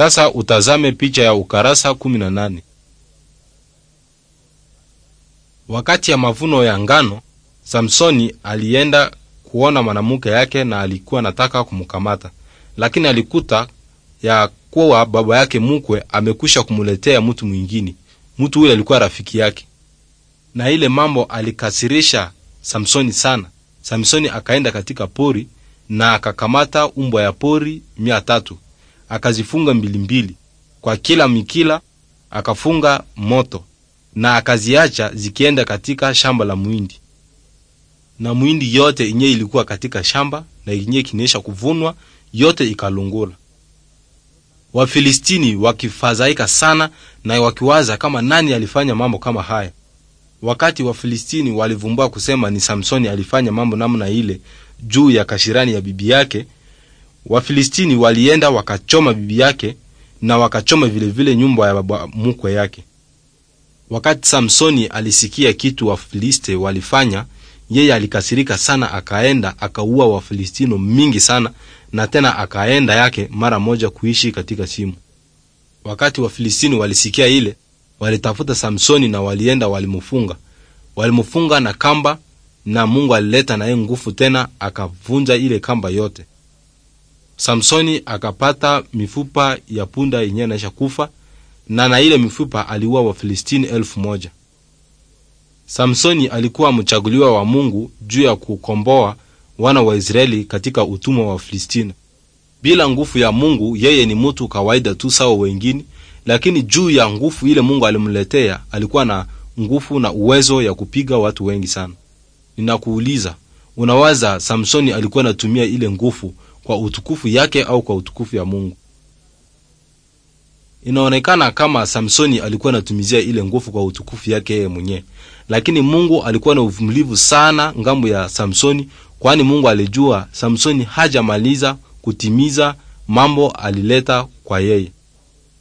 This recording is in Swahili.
Sasa utazame picha ya ukarasa 18. Wakati ya mavuno ya ngano, Samsoni alienda kuona mwanamke yake na alikuwa anataka kumkamata, lakini alikuta ya kuwa baba yake mkwe amekwisha kumuletea mtu mwingine. Mtu huyo alikuwa rafiki yake, na ile mambo alikasirisha Samsoni sana. Samsoni akaenda katika pori na akakamata umbwa ya pori mia tatu akazifunga mbilimbili kwa kila mikila, akafunga moto na akaziacha zikienda katika shamba la muindi. na muindi yote inye ilikuwa katika shamba na inye kinesha kuvunwa yote ikalungula. Wafilistini wakifadhaika sana na wakiwaza kama nani alifanya mambo kama haya. Wakati Wafilistini walivumbua kusema ni Samsoni alifanya mambo namna ile juu ya kashirani ya bibi yake. Wafilistini walienda wakachoma bibi yake na wakachoma vilevile vile nyumba ya baba mkwe yake. Wakati Samsoni alisikia kitu Wafilisti walifanya, yeye alikasirika sana, akaenda akaua Wafilistino mingi sana, na tena akaenda yake mara moja kuishi katika simu. Wakati Wafilistini walisikia ile, walitafuta Samsoni na walienda walimfunga, walimfunga na kamba, na Mungu alileta naye nguvu tena, akavunja ile kamba yote. Samsoni akapata mifupa ya punda yenyewe naisha kufa, na na ile mifupa aliua Wafilistini elfu moja. Samsoni alikuwa mchaguliwa wa Mungu juu ya kukomboa wana wa Israeli katika utumwa wa filistina Bila nguvu ya Mungu, yeye ni mtu kawaida tu sawa wengine, lakini juu ya nguvu ile Mungu alimletea, alikuwa na nguvu na uwezo ya kupiga watu wengi sana. Ninakuuliza, unawaza Samsoni alikuwa anatumia ile nguvu kwa utukufu yake au kwa utukufu ya Mungu. Inaonekana kama Samsoni alikuwa anatumizia ile nguvu kwa utukufu yake yeye mwenyewe, lakini Mungu alikuwa na uvumilivu sana ngambo ya Samsoni, kwani Mungu alijua Samsoni hajamaliza kutimiza mambo alileta kwa yeye.